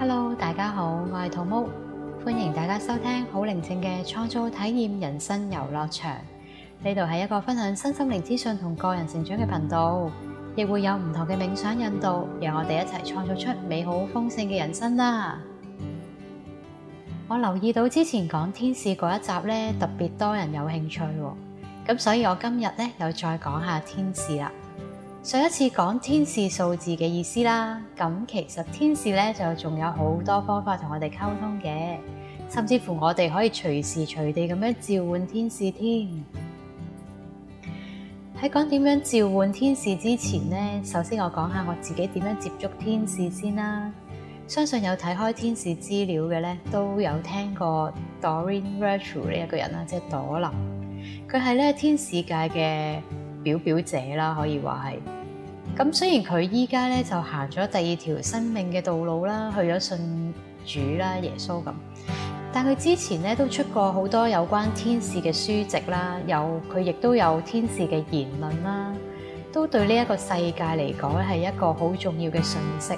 Hello，大家好，我係土木，歡迎大家收聽好寧靜嘅創造體驗人生遊樂場。呢度係一個分享身心靈資訊同個人成長嘅頻道，亦會有唔同嘅冥想引導，讓我哋一齊創造出美好豐盛嘅人生啦。我留意到之前講天使嗰一集咧，特別多人有興趣，咁所以我今日咧又再講下天使啦。上一次講天使數字嘅意思啦，咁其實天使咧就仲有好多方法同我哋溝通嘅，甚至乎我哋可以隨時隨地咁樣召喚天使添。喺講點樣召喚天使之前咧，首先我講下我自己點樣接觸天使先啦。相信有睇開天使資料嘅咧，都有聽過 Doreen Virtue 呢一個人啦，即係朵琳，佢係咧天使界嘅表表姐啦，可以話係。咁，雖然佢依家咧就行咗第二條生命嘅道路啦，去咗信主啦，耶穌咁，但佢之前咧都出過好多有關天使嘅書籍啦，有，佢亦都有天使嘅言論啦，都對呢一個世界嚟講係一個好重要嘅信息。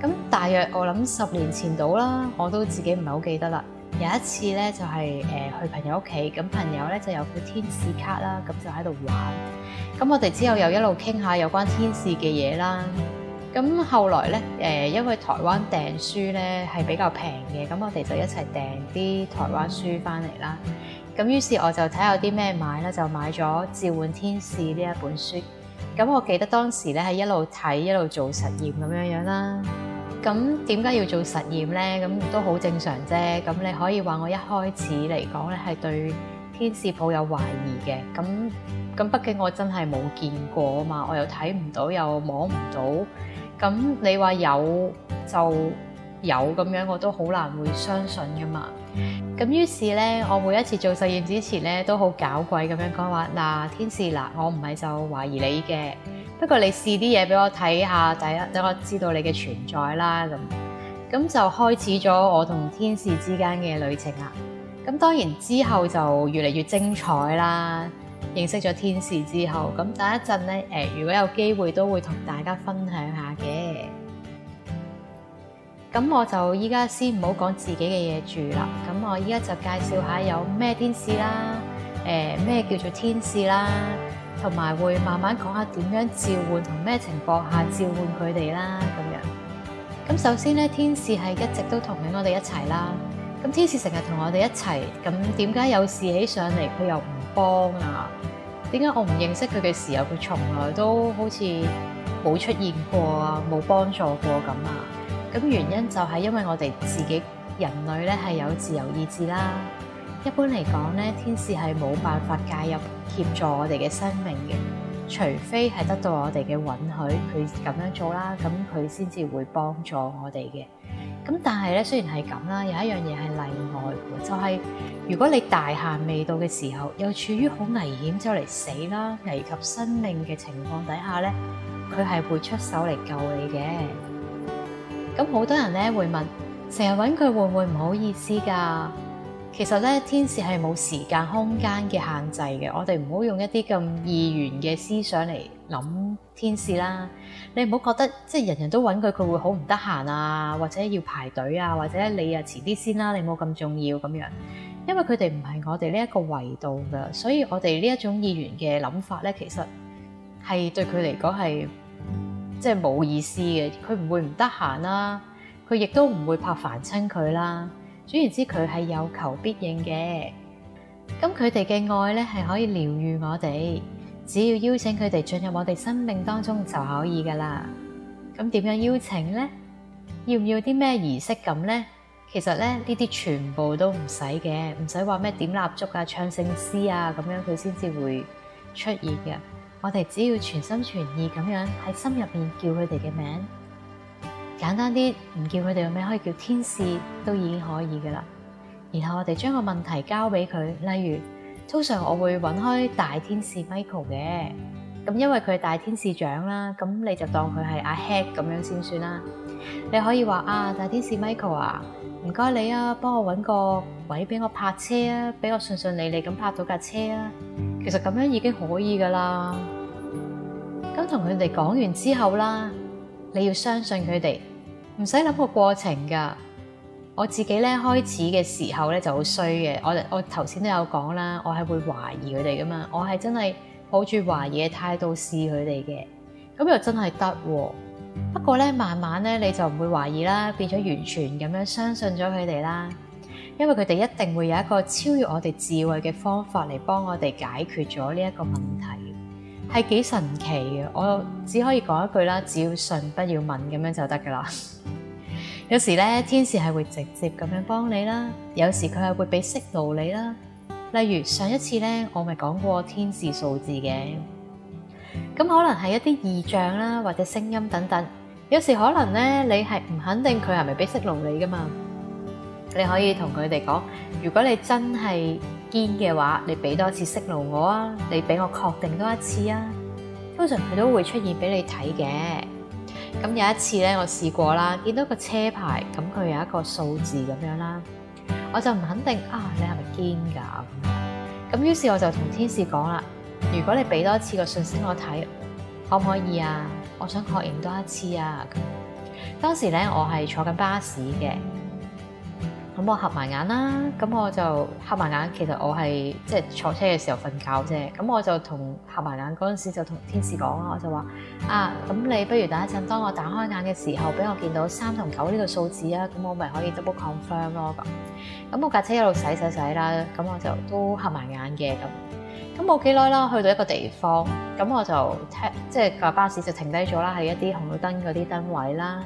咁大約我諗十年前到啦，我都自己唔係好記得啦。有一次咧，就係、是、誒去朋友屋企，咁朋友咧就有個天使卡啦，咁就喺度玩。咁我哋之後又一路傾下有關天使嘅嘢啦。咁後來咧，誒因為台灣訂書咧係比較平嘅，咁我哋就一齊訂啲台灣書翻嚟啦。咁於是我就睇下有啲咩買啦，就買咗《召喚天使》呢一本書。咁我記得當時咧係一路睇一路做實驗咁樣樣啦。咁點解要做實驗呢？咁都好正常啫。咁你可以話我一開始嚟講咧，係對天使抱有懷疑嘅。咁咁畢竟我真係冇見過啊嘛，我又睇唔到，又摸唔到。咁你話有就有咁樣，我都好難會相信噶嘛。咁於是呢，我每一次做實驗之前呢，都好搞鬼咁樣講話嗱，天使嗱、啊，我唔係就懷疑你嘅。不過你試啲嘢，俾我睇下，第一等我知道你嘅存在啦，咁咁就開始咗我同天使之間嘅旅程啦。咁當然之後就越嚟越精彩啦。認識咗天使之後，咁等一陣咧，誒，如果有機會都會同大家分享下嘅。咁我就依家先唔好講自己嘅嘢住啦。咁我依家就介紹下有咩天使啦，誒、呃，咩叫做天使啦。同埋會慢慢講下點樣召喚同咩情況下召喚佢哋啦，咁樣。咁首先咧，天使係一直都同緊我哋一齊啦。咁天使成日同我哋一齊，咁點解有事起上嚟佢又唔幫啊？點解我唔認識佢嘅時候佢從來都好似冇出現過啊，冇幫助過咁啊？咁原因就係因為我哋自己人類咧係有自由意志啦。一般嚟講咧，天使係冇辦法介入協助我哋嘅生命嘅，除非係得到我哋嘅允許，佢咁樣做啦，咁佢先至會幫助我哋嘅。咁但係咧，雖然係咁啦，有一樣嘢係例外，就係如果你大限未到嘅時候，又處於好危險就嚟死啦，危及生命嘅情況底下咧，佢係會出手嚟救你嘅。咁好多人咧會問，成日搵佢會唔會唔好意思噶？其實咧，天使係冇時間空間嘅限制嘅。我哋唔好用一啲咁意願嘅思想嚟諗天使啦。你唔好覺得即係人人都揾佢，佢會好唔得閒啊，或者要排隊啊，或者你啊遲啲先啦，啊，你冇咁重要咁樣。因為佢哋唔係我哋呢一個維度㗎，所以我哋呢一種意願嘅諗法咧，其實係對佢嚟講係即係冇意思嘅。佢唔會唔得閒啦，佢亦都唔會怕煩親佢啦。總而言之，佢係有求必應嘅。咁佢哋嘅愛咧係可以療癒我哋，只要邀請佢哋進入我哋生命當中就可以噶啦。咁點樣邀請呢？要唔要啲咩儀式感呢？其實咧呢啲全部都唔使嘅，唔使話咩點蠟燭啊、唱聖詩啊咁樣，佢先至會出現嘅。我哋只要全心全意咁樣喺心入面叫佢哋嘅名。簡單啲唔叫佢哋有咩，可以叫天使都已經可以噶啦。然後我哋將個問題交俾佢，例如通常我會搵開大天使 Michael 嘅，咁因為佢係大天使長啦，咁你就當佢係阿 Head 咁樣先算啦。你可以話啊，大天使 Michael 啊，唔該你啊，幫我搵個位俾我泊車啊，俾我順順利利咁泊到架車啊。其實咁樣已經可以噶啦。咁同佢哋講完之後啦，你要相信佢哋。唔使諗個過程噶，我自己咧，開始嘅時候咧就好衰嘅，我我頭先都有講啦，我係會懷疑佢哋噶嘛，我係真係抱住懷疑嘅態度試佢哋嘅，咁又真係得喎。不過咧，慢慢咧你就唔會懷疑啦，變咗完全咁樣相信咗佢哋啦，因為佢哋一定會有一個超越我哋智慧嘅方法嚟幫我哋解決咗呢一個問題。係幾神奇嘅，我只可以講一句啦，只要信，不要問咁樣就得噶啦。有時咧，天使係會直接咁樣幫你啦，有時佢係會俾識路你啦。例如上一次咧，我咪講過天使數字嘅，咁可能係一啲異象啦，或者聲音等等。有時可能咧，你係唔肯定佢係咪俾識路你噶嘛。你可以同佢哋講，如果你真係堅嘅話，你俾多次訊號我啊，你俾我確定多一次啊。通常佢都會出現俾你睇嘅。咁有一次咧，我試過啦，見到個車牌，咁佢有一個數字咁樣啦，我就唔肯定啊，你係咪堅㗎？咁，咁於是我就同天使講啦，如果你俾多次個信息我睇，可唔可以啊？我想確認多一次啊。當時咧，我係坐緊巴士嘅。咁、嗯、我合埋眼啦，咁我就合埋眼。其實我係即係坐車嘅時候瞓覺啫。咁我就同合埋眼嗰陣時，就同天使講啦。我就話啊，咁你不如等一陣，當我打開眼嘅時候，俾我見到三同九呢個數字啊，咁我咪可以 double confirm 咯。咁咁、嗯、我架車一路洗洗洗啦，咁我就都合埋眼嘅咁。咁冇幾耐啦，去到一個地方，咁我就即係架巴士就停低咗啦，喺一啲紅綠燈嗰啲燈位啦。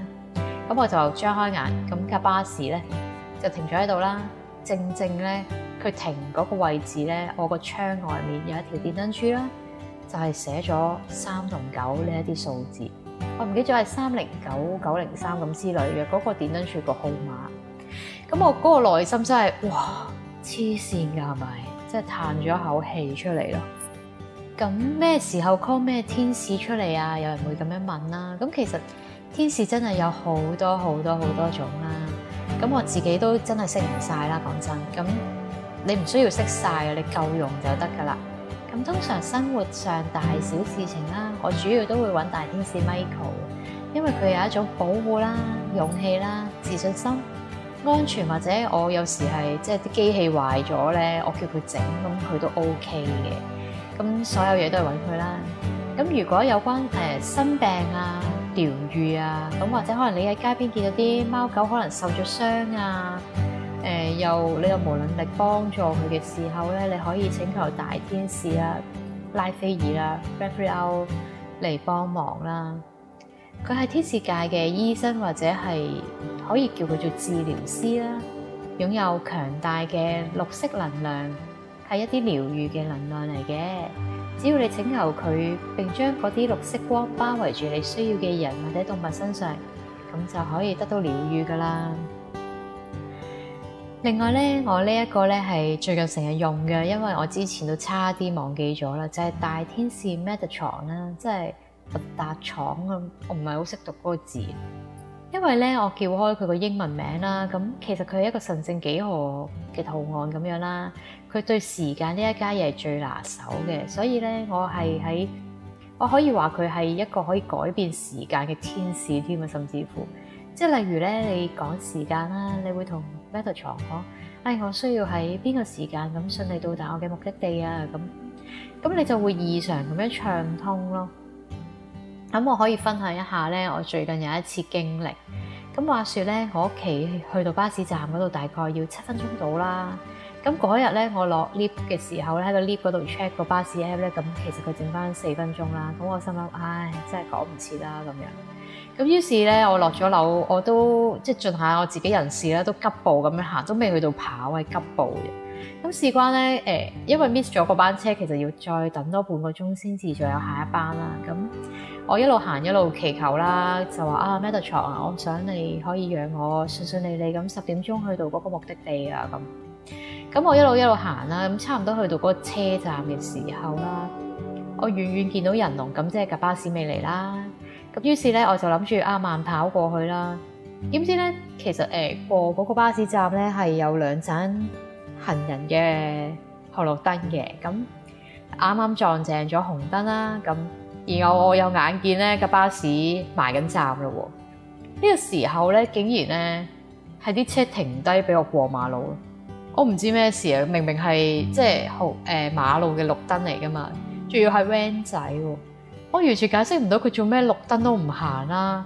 咁我就張開眼，咁架巴士咧。就停咗喺度啦，正正咧，佢停嗰個位置咧，我個窗外面有一條電燈柱啦，就係寫咗三同九呢一啲數字，我唔記咗係三零九九零三咁之類嘅嗰、嗰個電燈柱個號碼。咁我嗰個內心真係哇，痴線，噶係咪？即係嘆咗一口氣出嚟咯。咁咩時候 call 咩天使出嚟啊？有人會咁樣問啦、啊。咁其實天使真係有好多好多好多種啦、啊。咁我自己都真係識唔晒啦，講真。咁你唔需要識晒啊，你夠用就得噶啦。咁通常生活上大小事情啦，我主要都會揾大天使 Michael，因為佢有一種保護啦、勇氣啦、自信心、安全或者我有時係即係啲機器壞咗咧，我叫佢整，咁佢都 OK 嘅。咁所有嘢都係揾佢啦。咁如果有關誒、呃、生病啊？療愈啊，咁或者可能你喺街邊見到啲貓狗可能受咗傷啊，誒、呃、又你又無能力幫助佢嘅時候咧，你可以請求大天使啊、拉斐爾啦、啊、Raphael 嚟幫忙啦、啊。佢係天使界嘅醫生，或者係可以叫佢做治療師啦、啊，擁有強大嘅綠色能量，係一啲療愈嘅能量嚟嘅。只要你請求佢，並將嗰啲綠色光包圍住你需要嘅人或者動物身上，咁就可以得到療愈噶啦。另外咧，我呢一個咧係最近成日用嘅，因為我之前都差啲忘記咗啦，就係、是、大天使 Metatron 啦，即係特達床咁，我唔係好識讀嗰個字。因為咧，我叫開佢個英文名啦，咁其實佢係一個神聖幾何嘅圖案咁樣啦。佢對時間呢一家嘢係最拿手嘅，所以咧，我係喺我可以話佢係一個可以改變時間嘅天使添啊，甚至乎即係例如咧，你趕時間啦，你會同 Meta 床講，哎，我需要喺邊個時間咁順利到達我嘅目的地啊？咁咁你就會異常咁樣暢通咯。咁我可以分享一下咧，我最近有一次經歷。咁話説咧，我屋企去到巴士站嗰度大概要七分鐘到啦。咁嗰日咧，我落 lift 嘅時候咧，喺個 lift 度 check 個巴士 app 咧，咁其實佢剩翻四分鐘啦。咁我心諗，唉，真係趕唔切啦咁樣。咁於是咧，我落咗樓，我都即係盡下我自己人事啦，都急步咁樣行，都未去到跑，係急步嘅。咁事關咧，誒、欸，因為 miss 咗嗰班車，其實要再等多半個鐘先至再有下一班啦。咁。我一路行一路祈求啦，就話啊，Metro 啊，Metatron，我唔想你可以讓我順順利利咁十點鐘去到嗰個目的地啊咁。咁我一路一路行啦、啊，咁差唔多去到嗰個車站嘅時候啦、啊，我遠遠見到人龍，咁即係架巴士未嚟啦。咁於是咧，我就諗住啊慢跑過去啦。點知咧，其實誒、呃、過嗰個巴士站咧係有兩盞行人嘅紅綠燈嘅。咁啱啱撞正咗紅燈啦、啊，咁。然後我，我有眼見咧架巴士埋緊站啦喎、哦，呢、呢個時候咧竟然咧係啲車停低俾我過馬路咯，我唔知咩事啊！明明係即係好誒馬路嘅綠燈嚟噶嘛，仲要係 van 仔喎，我完全解釋唔到佢做咩綠燈都唔行啦。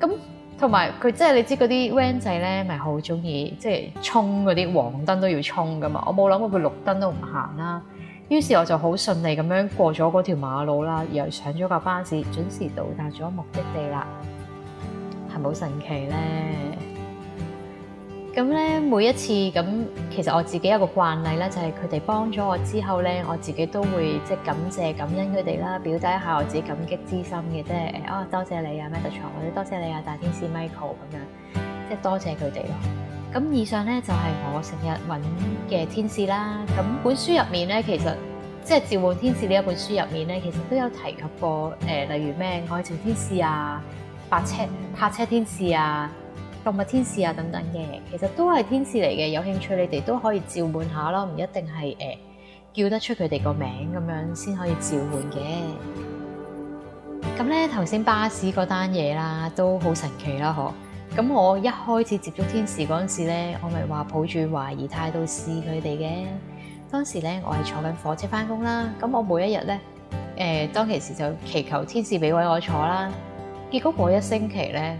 咁同埋佢即係你知嗰啲 van 仔咧，咪好中意即係衝嗰啲黃燈都要衝噶嘛，我冇諗過佢綠燈都唔行啦。於是我就好順利咁樣過咗嗰條馬路啦，然後上咗架巴士，準時到達咗目的地啦，係咪好神奇咧？咁咧每一次咁，其實我自己有一個慣例咧，就係佢哋幫咗我之後咧，我自己都會即、就是、感謝、感恩佢哋啦，表達一下我自己感激之心嘅，即、就、係、是、哦，多謝你啊，Metatron，或者多謝你啊大天使 Michael 咁樣，即、就是、多謝佢哋咯。咁以上咧就係、是、我成日揾嘅天使啦。咁本書入面咧，其實即係召喚天使呢一本書入面咧，其實都有提及過誒、呃，例如咩愛情天使啊、白車泊車天使啊、動物天使啊等等嘅，其實都係天使嚟嘅。有興趣你哋都可以召喚下咯，唔一定係誒、呃、叫得出佢哋個名咁樣先可以召喚嘅。咁咧頭先巴士嗰單嘢啦，都好神奇啦，嗬！咁我一開始接觸天使嗰陣時咧，我咪話抱住懷疑態度試佢哋嘅。當時咧，我係坐緊火車返工啦。咁我每一日咧，誒、呃、當其時就祈求天使俾位我坐啦。結果嗰一星期咧，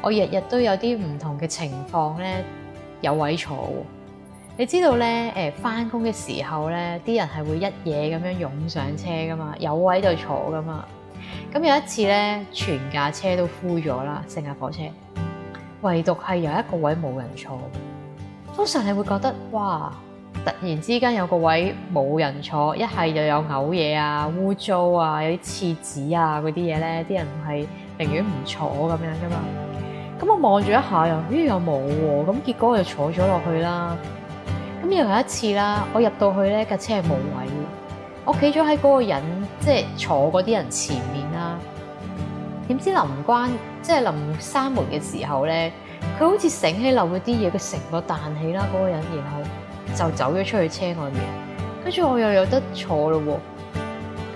我日日都有啲唔同嘅情況咧，有位坐。你知道咧，誒返工嘅時候咧，啲人係會一嘢咁樣湧上車㗎嘛，有位就坐㗎嘛。咁有一次咧，全架車都 full 咗啦，成架火車。唯獨係有一個位冇人坐，通常你會覺得，哇，突然之間有個位冇人坐，一係又有嘔嘢啊、污糟啊、有啲廁紙啊嗰啲嘢咧，啲人係寧願唔坐咁樣噶嘛。咁我望住一下又，又咦又冇喎，咁結果我就坐咗落去啦。咁又有一次啦，我入到去咧，架車係冇位，我企咗喺嗰個人即係坐嗰啲人前面。點知臨關，即係臨閂門嘅時候咧，佢好似醒起漏嗰啲嘢，佢成個彈起啦嗰、嗰個人，然後就走咗出去車外面，跟住我又有得坐咯喎。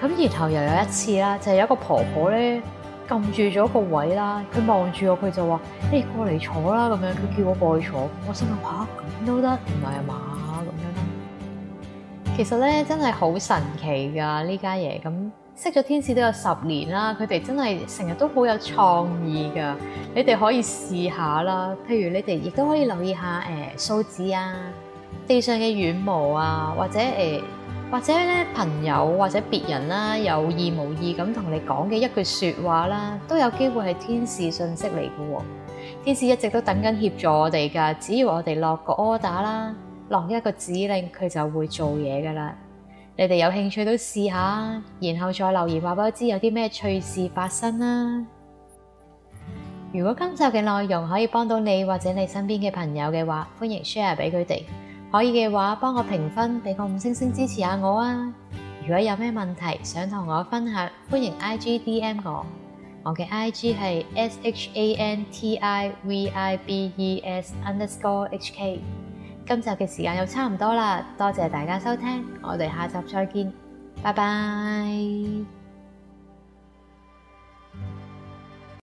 咁然後又有一次啦，就係、係、有一個婆婆咧撳住咗個位啦，佢望住我，佢就話：「誒過嚟坐啦咁樣，佢叫我過去坐。我心諗吓，咁都得，唔係嘛咁樣啦。其實咧真係好神奇㗎呢家嘢咁。識咗天使都有十年啦，佢哋真係成日都好有創意噶。你哋可以試下啦，譬如你哋亦都可以留意下誒數字啊、地上嘅軟毛啊，或者誒、欸，或者咧朋友或者別人啦、啊，有意無意咁同你講嘅一句説話啦、啊，都有機會係天使信息嚟嘅喎。天使一直都等緊協助我哋噶，只要我哋落個 order 啦，落一個指令，佢就會做嘢噶啦。你哋有興趣都試下，然後再留言話俾我知有啲咩趣事發生啦。如果今集嘅內容可以幫到你或者你身邊嘅朋友嘅話，歡迎 share 俾佢哋。可以嘅話，幫我評分，俾個五星星支持下我啊！如果有咩問題想同我分享，歡迎 I G D M 我，我嘅 I G 係 S H A N T I V I B E S Underscore H K。今集嘅時間又差唔多啦，多謝大家收聽，我哋下集再見，拜拜。